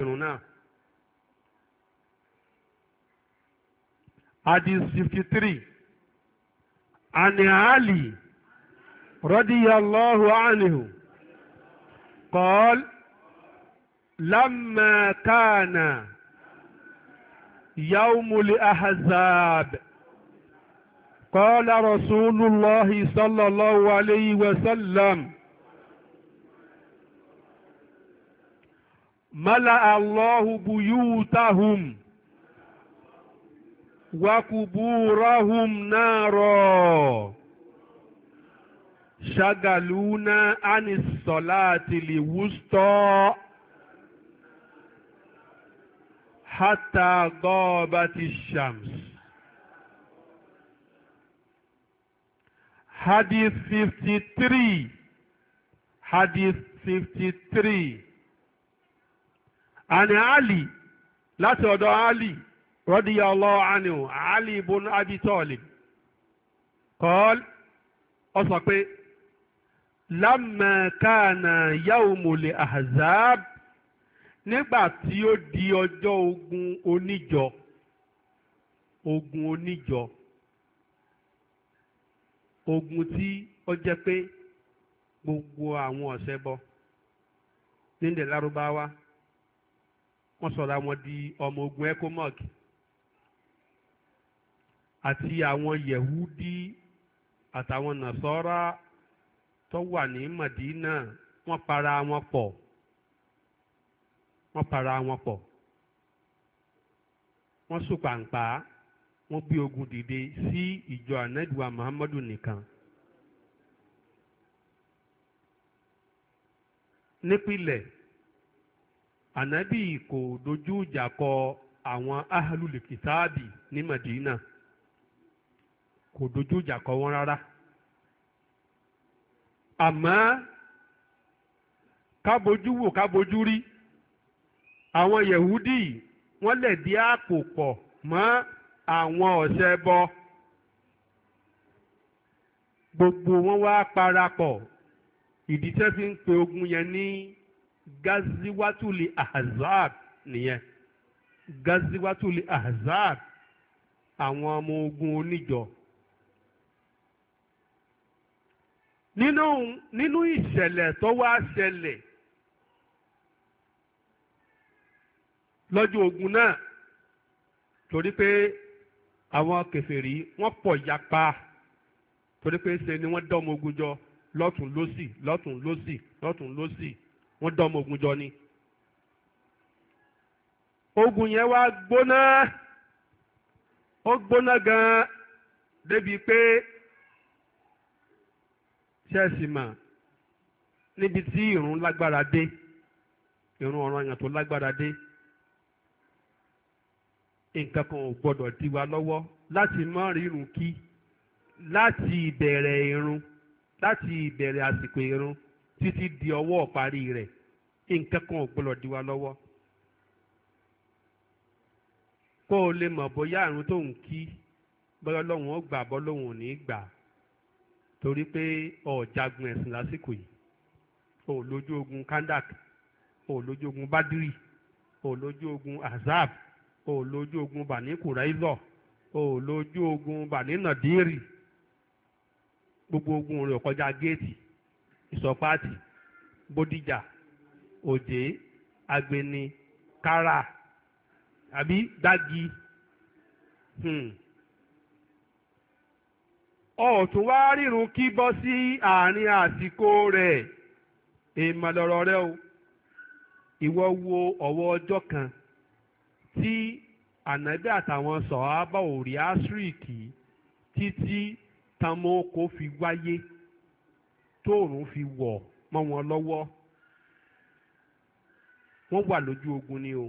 irun náà. Hadith fifty three Ani Ali radiyallahu anhu قال لما كان يوم الأحزاب قال رسول الله صلى الله عليه وسلم ملأ الله بيوتهم وقبورهم نارا شغلونا عن الصلاة الوسطى حتى غابت الشمس حديث 53 حديث 53 ani ali láti ọ̀dọ̀ ali radiyallahu anhu ali ibn abi talib kọ́ọ́lì ọ sọ pé lámà kánà yawmul ahzab nígbà tí ó di ọjọ́ ogun oníjọ ogun oníjọ ogun tí ó jẹ́ pé gbogbo àwọn ọ̀sẹ̀ bọ nílẹ̀ lárúbáwá wọ́n sọ̀rọ̀ àwọn di ọmọ ogun ecomog àti àwọn yehudi àtàwọn nàṣọ́rà tó wà ní madina wọ́n para wọn pọ̀ wọ́n para wọn pọ̀ wọ́n sùn pàǹpà wọ́n gbé ogun dìde sí ìjọ ànádùá muhammadu nìkan. nípìnlẹ̀ ànábì kò dojú ìjà kọ àwọn ahlulè kìtáàbì ní Madina kò dojú ìjà kọ wọn rárá àmọ́ kábojú wò kábojú rí àwọn yehudi wọ́n lè di àpò pọ̀ mọ́ àwọn ọ̀sẹ̀ bọ gbogbo wọn wá parapọ̀ ìdí fi ń pe ogun yẹn ní gaziwatuli ahzab nìyẹn gaziwatuli ahzab àwọn ọmọ ogun oníjọ. nínú nínú ìṣẹ̀lẹ̀ tó wá ṣẹlẹ̀ lọ́jọ́ ogun náà torí pé àwọn kèfèrí wọ́n pọ̀ yapa torí pé ṣe ni wọ́n dọ́mọ ogun jọ lọ́tún lọ́sì lọ́tún lọ́sì lọ́tún lọ́sì wọ́n dán ọmọ ogun jọ ni. ogun yẹn wá gbóná ó gbóná gan-an débi pé ṣẹ́ẹ̀sì mà níbi tí ìrun lágbára dé ìrun ọ̀ranyàn tó lágbára dé nǹkan kan ò gbọ́dọ̀ dí wa lọ́wọ́ láti má rírun kí láti ìbẹ̀rẹ̀ ìrun láti ìbẹ̀rẹ̀ àsìkò ìrun títí di ọwọ́ ìparí rẹ̀ nǹkan kan ò gbọ́dọ̀ di wa lọ́wọ́ kó o lè mọ̀ bóyá àrùn tó ń kí bọ́lá lọ́hùn ó gbà bọ́ lọ́hùn ò ní gbà torí pé ọ̀jagun ẹ̀sìn lásìkò yìí o lójú ogun kandak o lójú ogun badiri o lójú ogun azab o lójú ogun bani kuraizọ o lójú ogun bani nadiri gbogbo ogun rẹ̀ kọjá géètì ìsọ̀páàtì bódìjà òjé agbeni kárà àbí dági hmm. ọ̀tún wá rírun kí bọ́ sí àárín àsìkò rẹ̀ èèmọ̀ rẹ o ìwọ wo ọ̀wọ́ ọjọ́ kan tí ànábì àtàwọn sọ̀hábà ò rí àṣírí kì í títí tamoko fi wáyé. tóòrùn fi wọ̀ mọ́ wọn lọ́wọ́ wọ́n wà lójú ogun ni o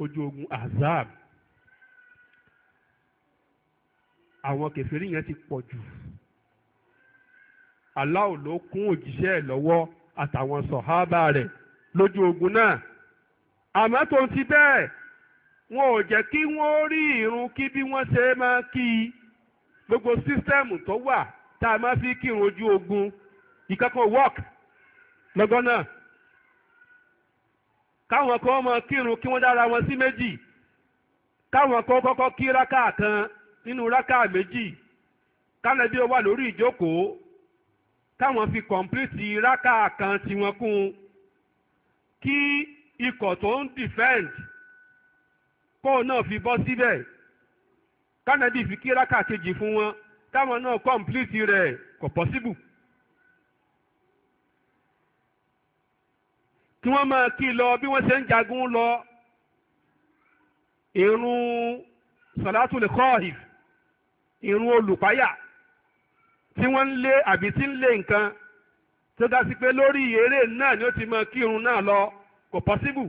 ojú ogun azab àwọn kèfèrí yẹn ti pọ̀ jù aláwo ló kún òjíṣẹ́ ẹ̀ lọ́wọ́ àtàwọn sọ̀hábà rẹ̀ lójú ogun náà àmọ́ tó ti bẹ́ẹ̀ wọn ò jẹ́ kí wọ́n rí irun kí bí wọ́n ṣe máa kí i gbogbo sísítẹ́ẹ̀mù tó wà tá a máa fi kírun ojú ogun nǹkan kan work lọ́gán náà káwọn kan mọ kírun kí wọ́n dára wọn sí méjì káwọn kan kọ́kọ́ kí rákà kan nínú rákà méjì kánẹ́bí ó wà lórí ìjókòó káwọn fi kọ̀ǹpìlìtì rákà kan tiwọn kún un kí ikọ̀ tó ń defend kóun náà fi bọ́ síbẹ̀ kánẹ́bí fi kí rákà kejì fún wọn káwọn náà kọ̀ǹpìlìtì rẹ̀ kò pọ́síbù. kí wọ́n máa kí lọ bí wọ́n ṣe ń jagun lọ ìrun sọ̀látùlẹ̀ kọ́ọ̀hìf ìrun olùpáyà tí wọ́n ń lé àbí tí ń lé nǹkan tó ga sí pé lórí eré náà ni ó ti máa kí irun náà lọ kò pọ́síbù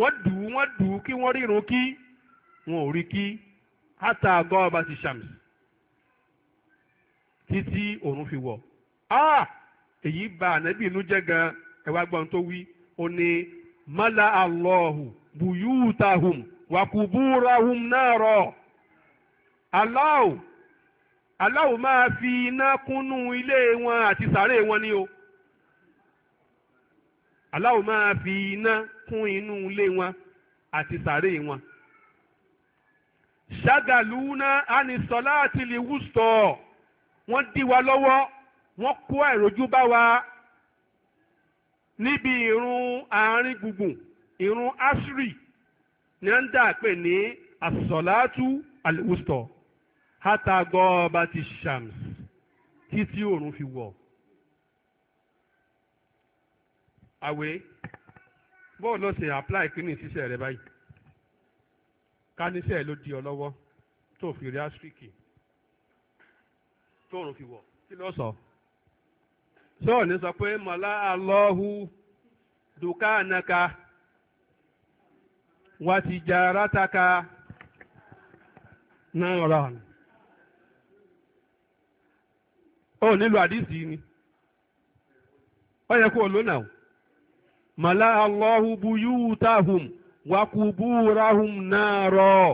wọ́n dù ú wọ́n dù ú kí wọ́n rí irun kí wọn ò rí kí ata àgọ́ ọba ti ṣàmì títí òun fi wọ̀ ah èyí bà ànábì inú jẹ́ gan-an ẹ wá gbọ́n tó wí ó ní mọ́lá àlọ́hù bùyúùtàhùm wàkùbúrahùm náà rọ̀ aláwò aláwò máa fi iná kúnnú ilé wọn àti sàárè wọn ni o aláwò máa fi iná kún inú ilé wọn àti sàárè wọn ṣàgàlúná ànisọ́lá àti lè wùsọ̀ wọ́n dí wa lọ́wọ́ wọ́n kó àìrójú bá wa níbi irun àárín gbùngbùn irun asri ní à ń dà pé ní àsọ̀látú àlùwùsọ̀ hátàgọ́ bá ti shams títí òòrùn fi wọ̀. àwẹ̀ bọ́ọ̀ ló ṣe apply kíní ṣiṣẹ́ rẹ báyìí káníṣẹ́ ló di ọ lọ́wọ́ tó fi rí áṣíríkì tóòrùn fi wọ̀ kí ló sọ. So? sọ́ọ̀ ní sọ pé mọ̀lá alọ́hu dùkánaka wàtìjàrátaka náà rà ní. ó nílò àdìsí ni ó yẹ kó o lónà o mọ̀lá alọ́hu buyútàhùm wàkùbúrahùm náà rọ̀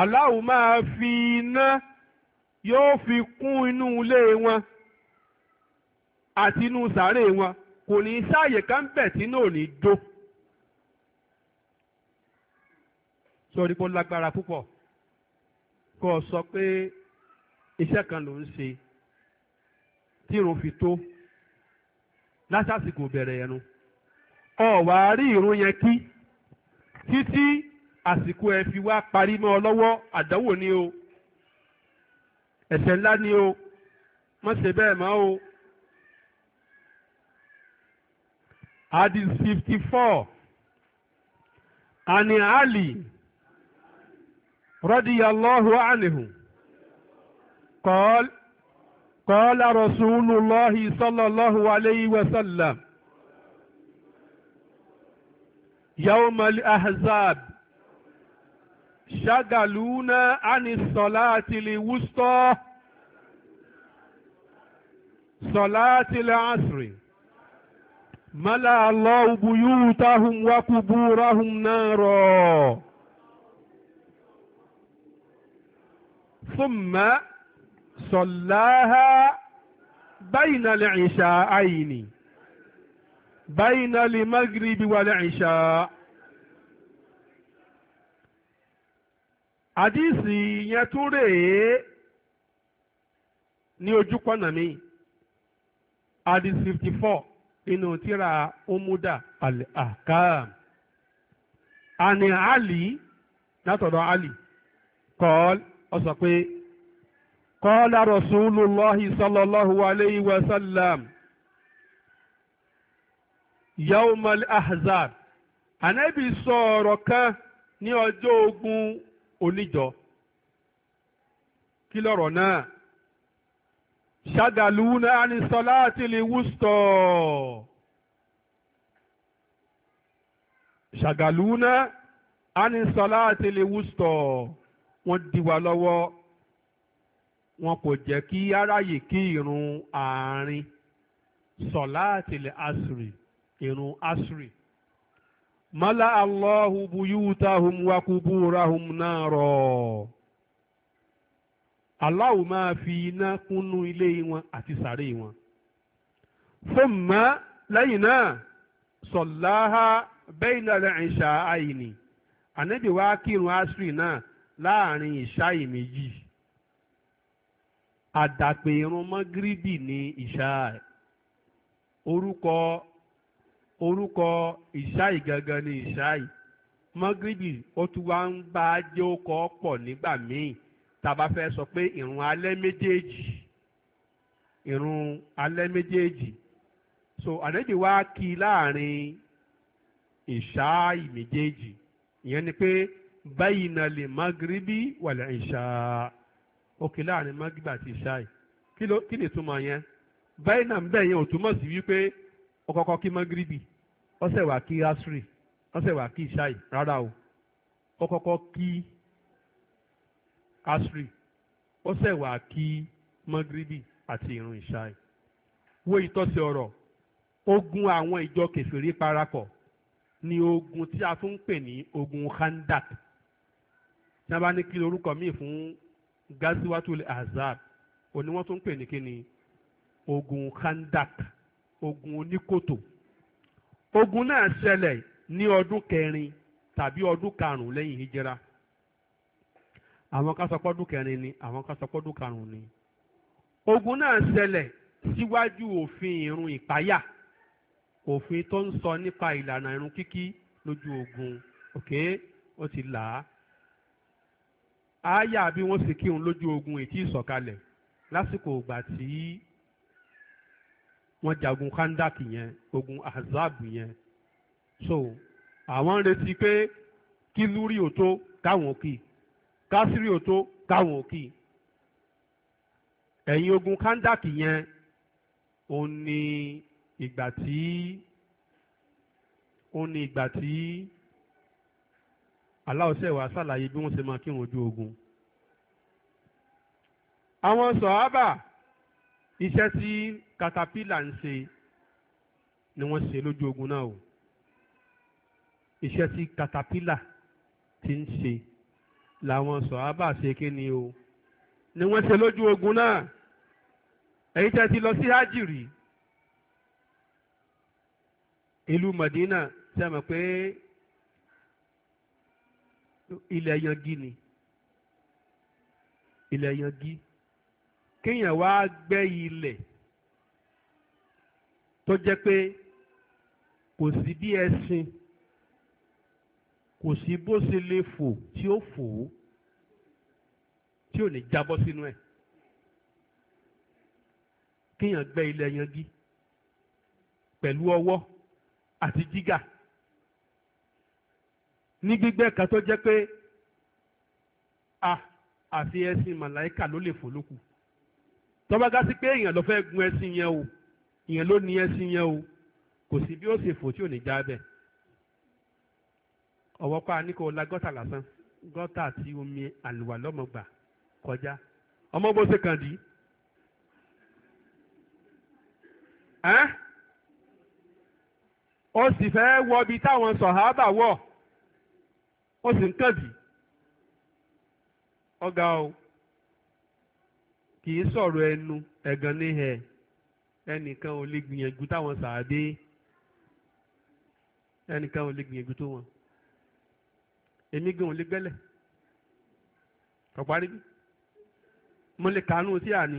aláwo máa fi iná yóò fi kún inú ilé wọn. àti inú sàárè wọn kò ní sáàyè kan bẹ̀ tí náà ní dó. sọ̀rí pé ó lágbára púpọ̀ kó o sọ pé iṣẹ́ kan ló ń ṣe tí irun fi tó lásàsìkò bẹ̀rẹ̀ ẹnu ọ̀wà rí irun yẹn kí títí àsìkò ẹ fi wá parí mọ́ ọ lọ́wọ́ àdánwò ni o ẹ̀ṣẹ̀ ńlá ni o má ṣe bẹ́ẹ̀ mọ́ o. hadith fifty four ani ali radiyallahu anhu qala qala rasulullahi sallallahu alayhi wa sallam يوم الأحزاب شغلونا عن الصلاة الوسطى صلاة العصر mala Allahu buyutahum wa kuburahum naro thumma sallaha bayna al-isha'aini bayna al-maghribi wal-isha hadisi yẹn tún rèé ní ojúpọ̀nà mi hadisi fifty four nínú tíra umuda al-ahkam ani ali látọ̀dọ̀ ali kọ́ọ́l ó sọ pé kọ́ọ́lá rasulullahi sallallahu alayhi wa sallam yawmal ahzab anabi sọ ọ̀rọ̀ kan ní ọjọ́ ogun oníjọ kí lọ̀rọ̀ náà ṣàgàlùúnà ànisọ́lá àti lè wùsùtọ̀ ṣàgàlùúnà ànisọ́lá àti lè wùsùtọ̀ wọ́n di wa lọ́wọ́ wọn kò jẹ́ kí aráyè kí irun àárín sọ̀lá àti lè asiri irun asiri mọ́lá allahu buyutahum wa kuburahum náà rọ̀. Allah máa fi iná kúnnú ilé wọn àti sàárè wọn. thumma lẹ́yìn náà sọ̀láhà bayna al-isha'ayni ànábì wá kírun asiri náà láàrin ìṣáì méjì àdàpè irun mọ́gíríbì ní ìṣáì orúkọ orúkọ ìṣáì gangan ní ìṣáì mọ́gíríbì ó tún wá ń bá jẹ́ ó kọ́ pọ̀ nígbà míì tàbá fẹ́ sọ pé ìrun alẹ́ méjèèjì ìrun alẹ́ méjèèjì so ànábì wá kí láàrin ìṣáì méjèèjì ìyẹn ni pé bayna li magribi wal isha ó kí láàrin magribi àti ìṣáì kí ló kí lè túmọ̀ yẹn bayna ń bẹ̀ yẹn ò túmọ̀ sí wípé ó kọ́kọ́ kí magribi ó ṣẹ̀ wá kí asri ó ṣẹ̀ wá kí ìṣáì rárá o ó kọ́kọ́ kí asri ó ṣẹ̀ wá kí mọ́gíríbì àti ìrun ìṣáì wo ìtọ́sí ọ̀rọ̀ ogun àwọn ìjọ kèfèrí parapọ̀ ni ogun tí a tún ń pè ní ogun khandak tí a bá ní kí lorúkọ míì fún gaziwatul azab òní wọ́n tún ń pè ní kí ni ogun khandak ogun oníkòtò ogun náà ṣẹlẹ̀ ní ọdún kẹrin tàbí ọdún karùn-ún lẹ́yìn hijira àwọn kan sọ pọ́dún kẹrin ni àwọn kan sọ pọ́dún karùn-ún ni. ogun náà ṣẹlẹ̀ síwájú òfin ìrun ìpáyà òfin tó ń sọ nípa ìlànà ìrun kíkí lójú ogun òkè ó ti là á. àáyà bí wọ́n sì kírun lójú ogun ètí ìsọ̀kalẹ̀ lásìkò ìgbà tí wọ́n jagun kandak yẹn ogun azab yẹn so àwọn ń retí pé kí lúrí ò tó káwọn kì í kásírì ò tó káwọn ò kì í ẹ̀yìn ogun kandaki yẹn ó ní ìgbà tí ó ní ìgbà tí aláwọ̀sẹ̀ wàá ṣàlàyé bí wọ́n ṣe máa kírun ojú ogun àwọn sọ̀hábà iṣẹ́ tí katapila ń ṣe ni wọ́n ṣe lójú ogun náà o iṣẹ́ tí katapila ti ń ṣe làwọn sọ̀hábà ṣe kí ni o ni wọ́n ṣe lójú ogun náà èyí tẹ́ ti lọ sí hajj ìlú Madina ṣe mọ̀ pé ilẹ̀ yangi ni ilẹ̀ yangi kéèyàn wá gbẹ́ ilẹ̀ tó jẹ́ pé kò sí bí ẹṣin. E kò sí bó ṣe lè fò tí ó fò ó tí ò ní jábọ́ sínú ẹ̀ kéèyàn gbẹ́ ilẹ̀ yangi pẹ̀lú ọwọ́ àti jígà ní gbígbẹ́ kan tó jẹ́ pé a ah, àfi ẹṣin màláìkà ló lè fò lókù tó bá ga sí pé èèyàn ló fẹ́ gun ẹṣin yẹn o èèyàn ló ní ẹṣin yẹn o kò sí bí ó ṣe fò tí ò ní jábẹ́. ọ̀wọ́ pa ní kò la gọ́tà lásán gọ́tà tí omi àlùwà lọ́mọ gbà kọjá ọmọ bó ṣe kàn dì í. ó sì fẹ́ wọ ibi táwọn sọ̀hábà wọ̀ ó sì ń kàn dì í. ọ̀gá o kì í sọ̀rọ̀ ẹnu ẹ̀gàn ní ẹ̀ ẹnìkan ò lè gbìyànjú táwọn sàádé ẹnìkan ò lè gbìyànjú tó wọn. èmi gan ò lè gbẹ́lẹ̀ kọ̀parí bí mo lè kàánú sí àní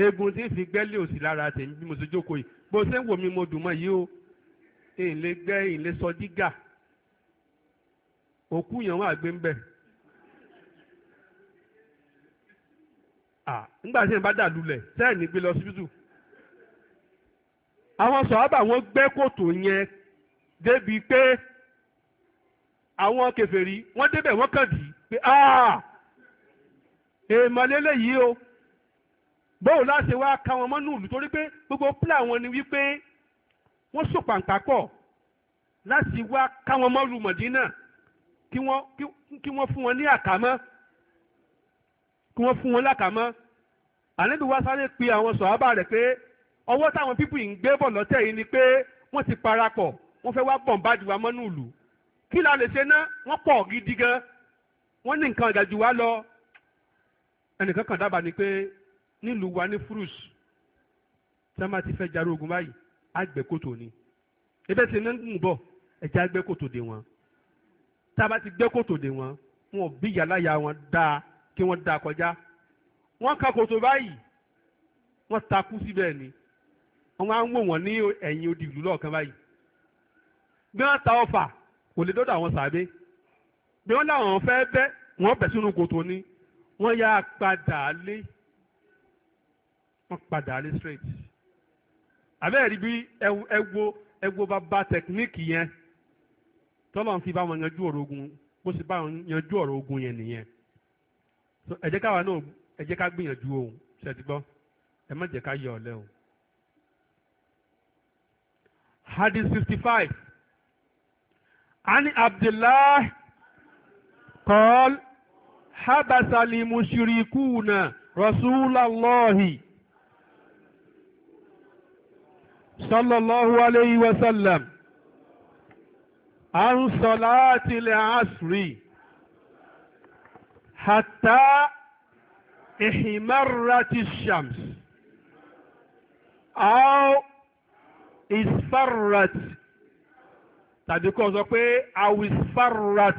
eegun tí ń fi gbẹ́lẹ̀ òsì lára tèmi bí mo ti jókòó yìí bó ṣe ń wò mí mo dùn mọ́ yìí o èyí lè gbẹ́ èyí lè sọ dígà òkú yẹn wà gbé ń bẹ̀. nígbà tí èèyàn bá dà lulẹ̀ sẹ́ẹ̀ gbé lọ síbítù àwọn sọ̀rọ̀ bá wọn gbẹ́ kòtò yẹn débi pé àwọn kèfèrí wọ́n débẹ̀ wọ́n kàn dì í pé ah, èèmọ̀ lélẹ́yìí o bóun láti wá ka wọn mọ́nú ìlú torí pé gbogbo pílà wọn ni wípé wọ́n sòpàǹpà pọ̀ láti wá ká wọn mọ́lu Mọ̀dínà kí wọ́n fún wọn ní àkámọ́ kí wọ́n fún wọn lákàmọ́ ànábì wá sáré pe àwọn sọ̀hábà rẹ̀ pé ọwọ́ táwọn pípù yìí ń gbé bọ̀ lọ́tẹ̀ yìí ni pé wọ́n ti parapọ̀ wọ́n fẹ́ wá bọ̀m̀bádìí wa mọ́nú ìlú kí la lè ṣe ná wọ́n pọ̀ gidi gan wọ́n ní nǹkan ìdájú wa lọ ẹnìkan kan dábàá ni pé nílùú wa ní furus tí wọ́n bá ti fẹ́ jarí ogun báyìí àgbẹ̀ kòtò ni ebe ti ní ń bọ̀ ẹ̀jẹ̀ àgbẹ̀ kòtò dè wọ́n tá a bá ti gbẹ́ kòtò dè wọ́n wọn ò bí yàláyà wọn dáa kí wọ́n dáa kọjá wọ́n ka kòtò báyìí wọ́n takú síbẹ̀ ni wọ́n á ń wò wọ́n ní ẹ̀yìn odi ìlú lọ́ọ̀kan báyìí bí wọ́n ta ọfà kò lè dọ́dọ̀ àwọn sàbẹ́ bí wọ́n láwọn fẹ́ bẹ́ wọ́n bẹ̀ sínú kòtò ni wọ́n yá padà lé wọ́n padà lé straight àbẹ́ẹ̀rí bí ẹwo ẹwo bàbá tẹkiníìkì yẹn tọ́lọ́n fi bá wọn yanjú ọ̀rọ̀ ogun bó sì bá wọn yanjú ọ̀rọ̀ ogun yẹn nìyẹn ẹ jẹ́ káwa náà ẹ jẹ́ ká gbìyànjú òun ṣètìgbọ́ ẹ má jẹ́ ká yọ ọ̀lẹ́ o. hadith fifty five. عن عبد الله قال حبس المشركون رسول الله صلى الله عليه وسلم عن صلاة العصر حتى احمرت الشمس أو اصفرت tàbí kọ́ sọ pé awisfarrat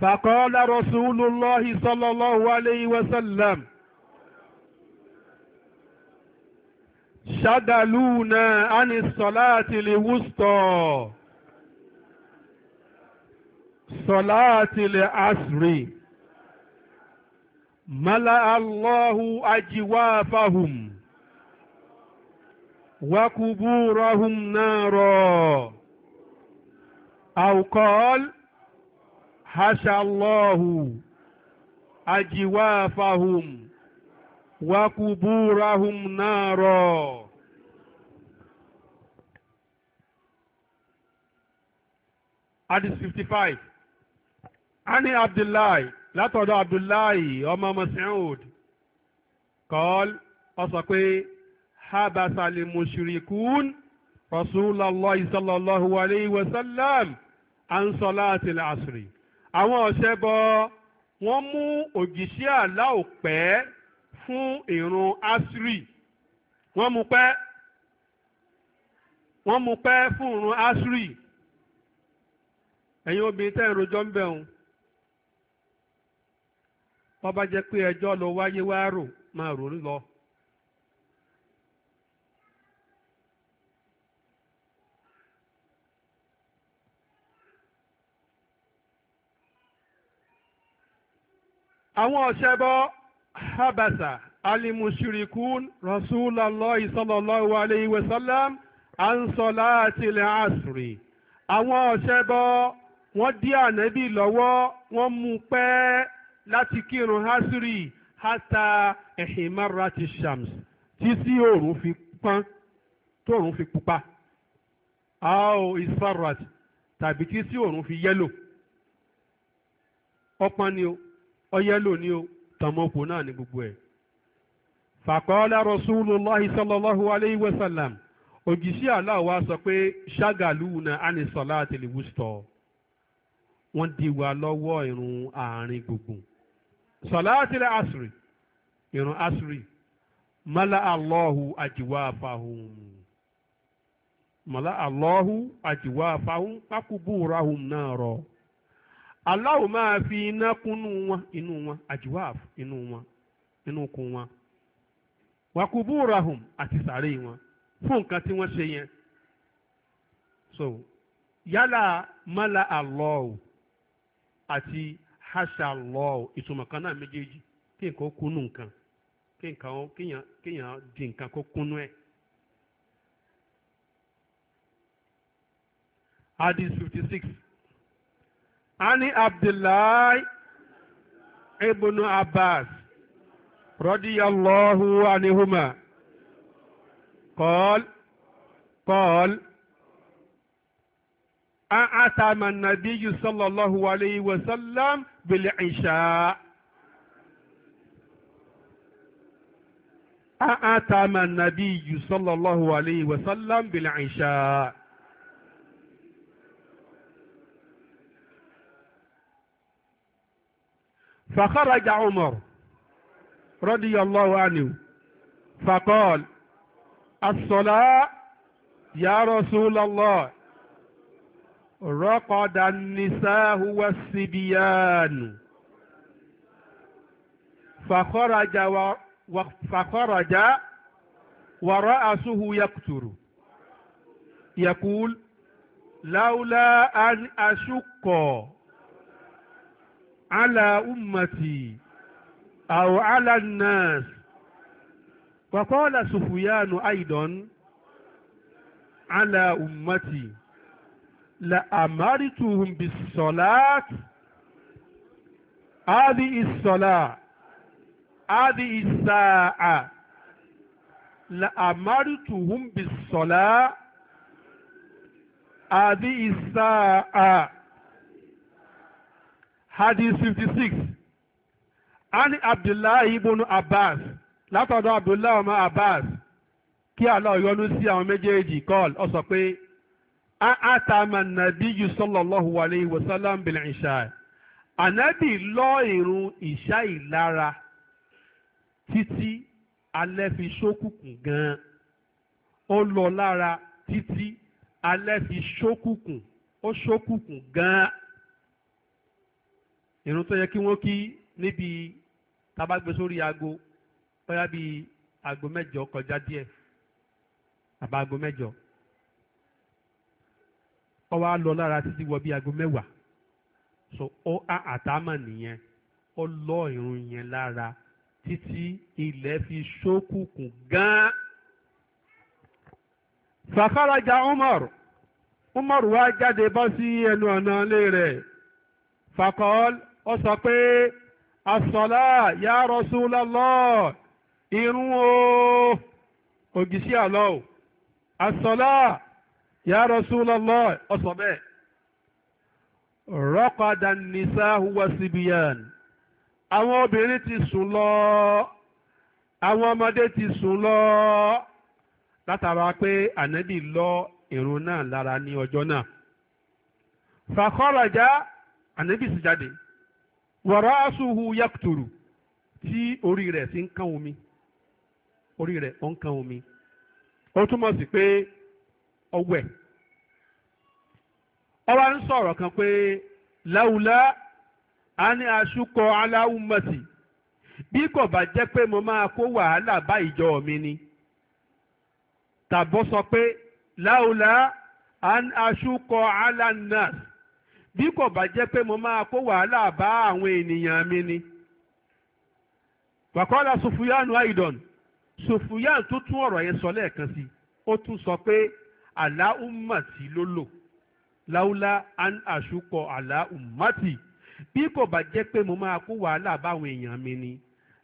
fàkọ́ọ́lá rasulullahi sallallahu alayhi wa sallam ṣàdàlúùnà àni sọ̀láàtì lè wùstọ̀ sọ̀láàtì lè asri mala allahu ajiwafahum wa kuburahum naro. أو قال حشى الله أجوافهم وقبورهم نارا Hadith 55 Ani Abdullahi látọ̀dọ̀ Abdullahi ọmọ Mas'ud kọ́ọ́l ó sọ pé habasali mushrikun Rasulullah sallallahu alayhi wa sallam ansọ́lá àti làásìrì àwọn ọ̀sẹ̀ bọ wọ́n mú òjìṣẹ́ àláò pẹ́ fún ìrun asiri wọ́n mú pẹ́ wọ́n mú pẹ́ fún ìrun asiri ẹ̀yin obìnrin tẹ́ ń rojọ́ ń bẹ̀rùn wọ́n bá jẹ́ pé ẹjọ́ lọ wáyé wá máa rò ń lọ. àwọn ọ̀ṣẹ́bọ habasa alimushirikun rasulallah sallallahu alayhi wa sallam ansola tilẹ̀ asiri àwọn ọ̀ṣẹ́bọ wọ́n dí ànábì lọ́wọ́ wọ́n mú pẹ́ láti kírun asiri hata ehimara ti shams tí sí òòrùn fi pọ́n tóòrùn fi pupa ao isfarat tàbí tí sí òòrùn fi yẹ́lò ọpọ́n ni o. ọyẹ́lò ni o tọmọkù náà ní gbogbo ẹ. fàkọ́ọ́lá Rasulullahi sallallahu alayhi wa sallam òjìṣẹ́ sọ pé ṣàgàlùnà àní salatil wusta wọ́n di wa lọ́wọ́ ìrun àárín gbùngbùn. salatil asri ìrun asri mala mala Allah máa fi iná kúnnú wọn inú wọn àjùwáàf inú wọn inú kun wọn wàkúbúrahùn àti sàárè wọn fún nǹkan tí wọ́n ṣe yẹn so yálà mala àti hasha Allah ìtumọ̀ kan náà méjèèjì kí nǹkan kúnnú nǹkan kí nǹkan kéèyàn di nǹkan kó ani abdullahi ibnu abbas radiyallahu anihuma qal qal أعتم النبي صلى الله عليه وسلم بالعشاء أعتم النبي صلى الله عليه وسلم بالعشاء فخرج عمر رضي الله عنه فقال الصلاة يا رسول الله رقد النساء والصبيان فخرج و... و... فخرج ورأسه يقتر يقول لولا أن أشق على أمتي أو على الناس وقال سفيان أيضا على أمتي لأمرتهم بالصلاة هذه الصلاة هذه الساعة لأمرتهم بالصلاة هذه الساعة hadith fifty six ani abdullahi ibn abbas látọ̀dọ̀ abdullahi ọmọ abbas kí Allah yọ́nú sí àwọn méjèèjì kọ́ọ̀l ọ sọ pé a àtàmà nàbíyù sallallahu alayhi wa sallam bil ìṣá ànábì lọ ìrun ìṣá ìlara títí alẹ́ fi ṣókùnkùn gan-an ó lọ lára títí alẹ́ fi ṣókùnkùn ó ṣókùnkùn gan-an irun tó yẹ kí wọ́n kí níbi tabagbe sórí aago bóyá bíi aago mẹ́jọ kọjá díẹ̀ àbá aago mẹ́jọ ó wá lọ lára títí wọ bíi aago mẹ́wàá so ó á àtàmọ̀ nìyẹn ó lọ irun yẹn lára títí ilẹ̀ fi ṣókùnkùn gan fàkàràjà Umar Umar wá jáde bọ́ sí ẹnu ọ̀nà ilé rẹ̀ fàkọ́ọ́lù ó sọ pé asọ́lá ya Rasulullah irun o ògìsí àlọ́ o asọ́lá ya Rasulullah ó sọ bẹ́ẹ̀ rọ́kọ̀dà nìsá huwa sibiyan àwọn obìnrin ti sùn lọ àwọn ọmọdé ti sùn lọ látara pé ànábì lọ irun náà lára ní ọjọ́ náà fàkọ́rọ̀já ànábì sì jáde. wọ̀rọ̀ asuhu yẹ́kùtùrù tí orí rẹ̀ sì ń kán omi orí rẹ̀ ó ń kán omi ó túmọ̀ sí pé ọwẹ́ ọba ń sọ̀rọ̀ kan pé láwùlá a ní aṣúkọ aláwùmọ̀tì bí kò bá jẹ́ pé mo máa kó wàhálà bá ìjọ mi ni tàbó sọ pé láwùlá a ní aṣúkọ bí kò bá jẹ́ pé mo máa kó wàhálà bá àwọn ènìyàn mi ni. wàkọ́lá sufuyanu aidan sufuyan tó tún ọ̀rọ̀ yẹn sọ lẹ́ẹ̀kan sí ó tún sọ pé aláùmàtì ló lò láúlá an àṣùkọ aláùmàtì bí kò bá jẹ́ pé mo máa kó wàhálà bá àwọn èèyàn mi ni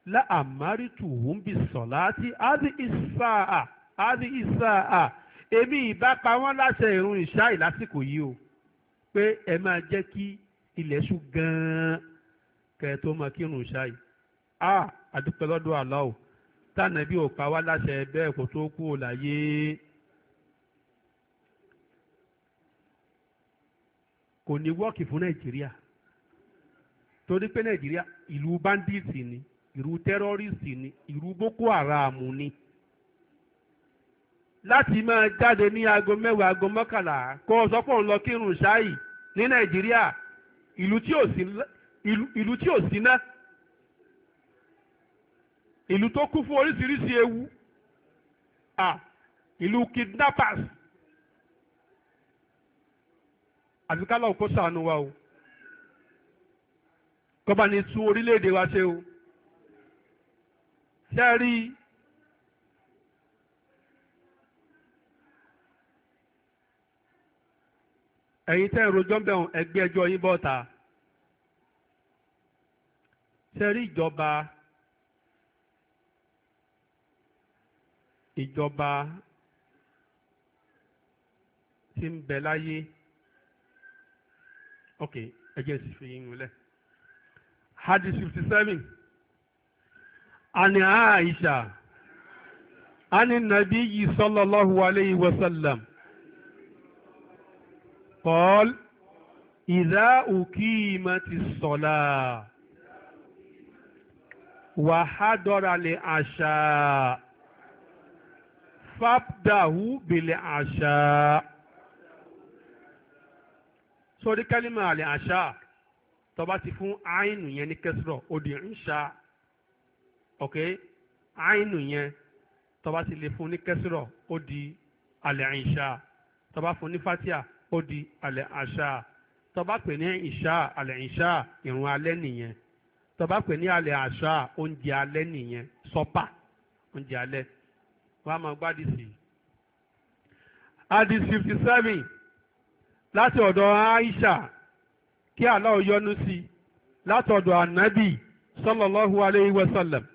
la àmárìtù hùn bí sọ̀lá àti adi isaa, adi isaa, èmi ìbá pa wọ́n láṣẹ ìrun ìṣáì lásìkò yìí o pé ẹ máa jẹ́ kí ilẹ̀ ṣú gan-an kẹ́ ẹ tó máa kírun ṣáì a àdúpẹ́ lọ́dọ̀ Allah o tànàbí ò pa wá láṣẹ bẹ́ẹ̀ kó tó kú ò láyé. kò ní wọ́ọ̀kì fún nàìjíríà torí pé nàìjíríà ìlú bandits ni ìlú terrorists ni ìlú boko haram ni. láti máa jáde ní aago mẹ́wàá aago mọ́kànlá kó o sọ pé òun lọ kírun ṣáì ní nàìjíríà ìlú tí ò sí ná ìlú tó kú fún oríṣiríṣi ewu à ìlú kidnappers àfi ká lọ́wọ́ kó sànù wa o kọ́ba ni tún orílẹ̀-èdè wa ṣe o ṣe rí i. ẹ̀yin tẹ́ ìrojọ́ ń bẹ̀rùn ẹgbẹ́ ẹjọ́ yín bọ́ta sẹ́rí ìjọba ìjọba tí ń bẹ láyé ok ẹjẹ́ sì fi yín múlẹ̀ hadith fifty seven ani aisha ani nabiyyi sallallahu alayhi wa sallam. قال إذا أقيمت الصلاة وحضر العشاء فابدأوا بالعشاء sórí kálímà àlẹ́ àṣà tọba ti fún àìnù yẹn ní kẹsìrọ̀ òdì ń ṣá ok àìnù yẹn tọba ti lè fún ní kẹsìrọ̀ òdì àlẹ́ àìṣà tọba fún ní fatia odi di alẹ́ tọba pè ní ìṣà alẹ́ ìṣà ìrun alẹ́ nìyẹn tó pè ní alẹ àṣà oúnjẹ alẹ́ nìyẹn sọ́pà oúnjẹ alẹ́ wàá máa gbádìí sí i. Aisha kí sí i láti ọ̀dọ̀